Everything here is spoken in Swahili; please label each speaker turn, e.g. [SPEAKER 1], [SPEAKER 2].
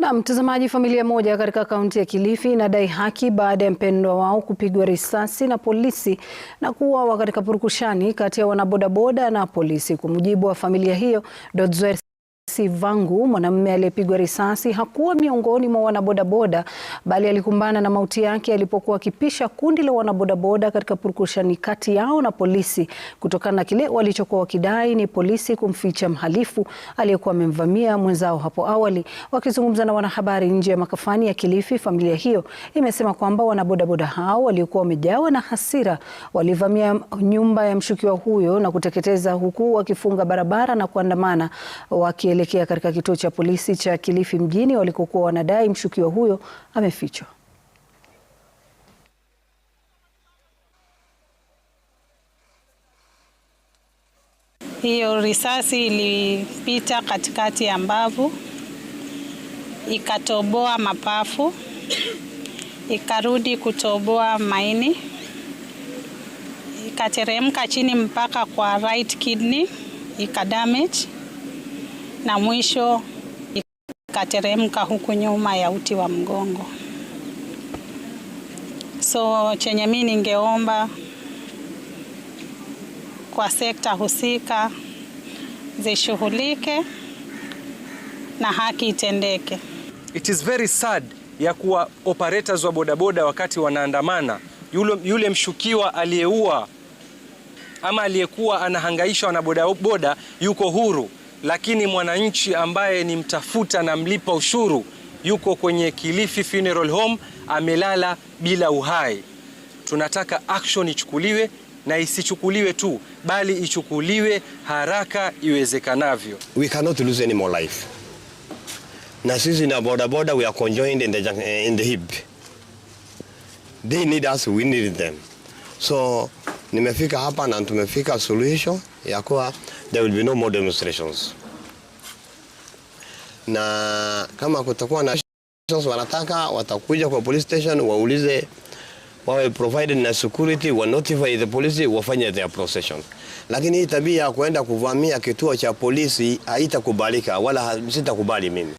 [SPEAKER 1] Na mtazamaji, familia moja katika kaunti ya Kilifi inadai haki baada ya mpendwa wao kupigwa risasi na polisi na kuuawa katika purukushani kati ya wanabodaboda na polisi. Kwa mujibu wa familia hiyo, Dodzwer Si Vangu, mwanamume aliyepigwa risasi, hakuwa miongoni mwa wanabodaboda bali alikumbana na mauti yake alipokuwa akipisha kundi la wanabodaboda katika purukushani kati yao na polisi kutokana na kile walichokuwa wakidai ni polisi kumficha mhalifu aliyekuwa amemvamia mwenzao hapo awali. Wakizungumza na wanahabari nje ya makafani ya Kilifi, familia hiyo imesema kwamba wanabodaboda hao waliokuwa wamejawa na hasira walivamia nyumba ya mshukiwa huyo na kuteketeza, huku wakifunga barabara na kuandamana wakile wakielekea katika kituo cha polisi cha Kilifi mjini walikokuwa wanadai mshukiwa huyo amefichwa.
[SPEAKER 2] Hiyo risasi ilipita katikati ya mbavu ikatoboa mapafu ikarudi kutoboa maini ikateremka chini mpaka kwa right kidney ika damage na mwisho ikateremka huku nyuma ya uti wa mgongo. So chenye mimi ningeomba kwa sekta husika zishughulike na haki itendeke.
[SPEAKER 3] It is very sad ya kuwa operators wa bodaboda wakati wanaandamana, yule, yule mshukiwa aliyeua ama aliyekuwa anahangaishwa na bodaboda yuko huru lakini mwananchi ambaye ni mtafuta na mlipa ushuru yuko kwenye Kilifi Funeral Home amelala bila uhai. Tunataka action ichukuliwe na isichukuliwe tu bali ichukuliwe haraka iwezekanavyo.
[SPEAKER 4] We cannot lose any more life. Na sisi na boda boda we are conjoined in the, eh, in the hip. They need us, we need them. So nimefika hapa na tumefika solution ya kuwa there will be no more demonstrations na kama kutakuwa na wanataka watakuja kwa police station waulize, wawe provided na security, wa notify the police, wafanye their procession. Lakini hii tabia ya kuenda kuvamia kituo cha polisi haitakubalika wala sitakubali mimi.